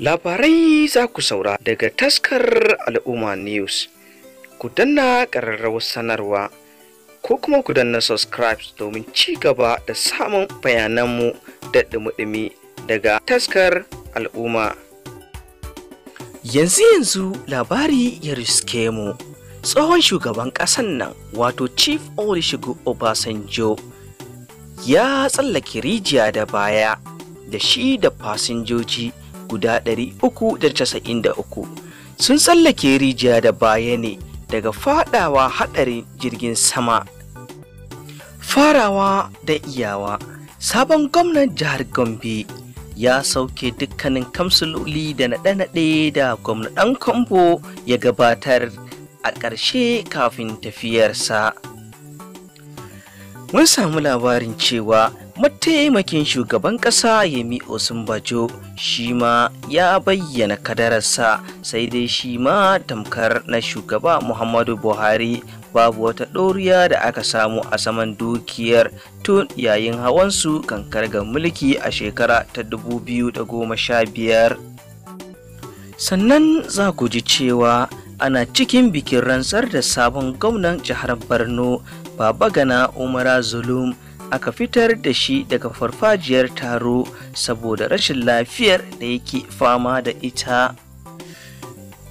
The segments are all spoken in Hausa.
Labarai za ku saura daga taskar Al'umma News. Ku danna ƙararrawar sanarwa ko kuma ku danna subscribe domin ci gaba da samun bayananmu da ɗumi daga taskar Al'umma. Yanzu yanzu labari ya riske mu. Tsohon shugaban ƙasan nan wato Chief Olusegun Obasanjo ya tsallake rijiya da baya da shi da fasinjoji guda 393 sun tsallake rijiya da baya ne daga fadawa hadarin jirgin sama farawa da iyawa sabon gwamnan jihar gombe ya sauke dukkanin kamsuloli da naɗe-naɗe da gwamnan kambo ya gabatar a ƙarshe kafin tafiyarsa mun samu labarin cewa mataimakin shugaban ƙasa yemi osinbajo shi ma ya bayyana kadararsa sai dai shi ma tamkar na shugaba muhammadu buhari babu wata ɗoriya da aka samu a saman dukiyar tun yayin hawansu kankar ga mulki a shekara ta 2015 sannan za ku ji cewa ana cikin bikin rantsar da sabon gwamnan jihar borno baba gana umara zulum aka fitar da shi daga farfajiyar taro saboda rashin lafiyar da yake fama da ita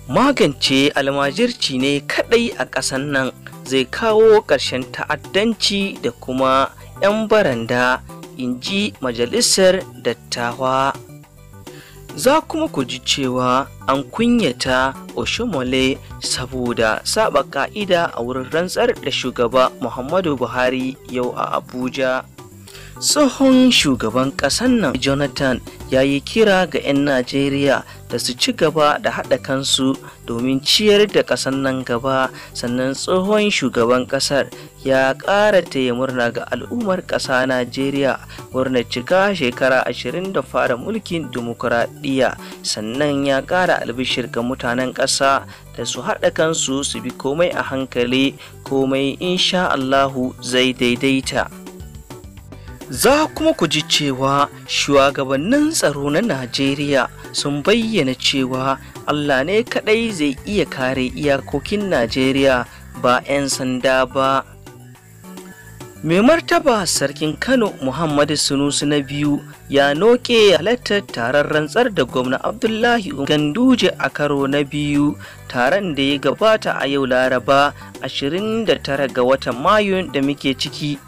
magance almajirci ne kadai a ƙasan nan zai kawo ƙarshen ta'addanci da kuma 'yan baranda in ji majalisar dattawa za kuma ku ji cewa an kunyata Oshomole saboda saba ka'ida a wurin rantsar da shugaba Muhammadu Buhari yau a Abuja. tsohon shugaban ƙasar nan jonathan ya yi kira ga 'yan najeriya da su ci gaba da haɗa kansu domin ciyar da ƙasar nan gaba sannan tsohon shugaban ƙasar ya ƙara taya murna ga al'ummar ƙasa najeriya murnar cika shekara 20 da fara mulkin dimokuraɗiyya sannan ya ƙara albishir ga mutanen ƙasa da su haɗa kansu su bi komai a hankali komai insha allahu zai daidaita za kuma ku ji cewa shugabannin tsaro na najeriya sun bayyana cewa allah ne kaɗai zai iya kare iyakokin najeriya ba 'yan sanda ba mai martaba sarkin kano muhammadu sunusu na biyu ya noke halartar taron rantsar da gwamna abdullahi ganduje a karo na biyu taron da ya gabata a yau laraba 29 ga watan mayu da muke ciki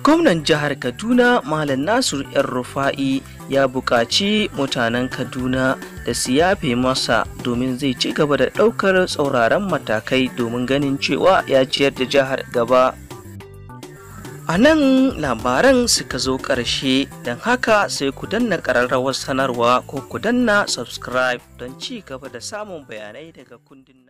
gwamnan jihar kaduna malam Nasiru yan rufa'i ya buƙaci mutanen kaduna da su yafe masa domin zai ci gaba da ɗaukar tsauraran matakai domin ganin cewa ya ciyar da jihar gaba a nan labaran suka zo ƙarshe don haka sai ku danna ƙararrawar sanarwa ko ku danna subscribe don ci gaba da samun bayanai daga kundin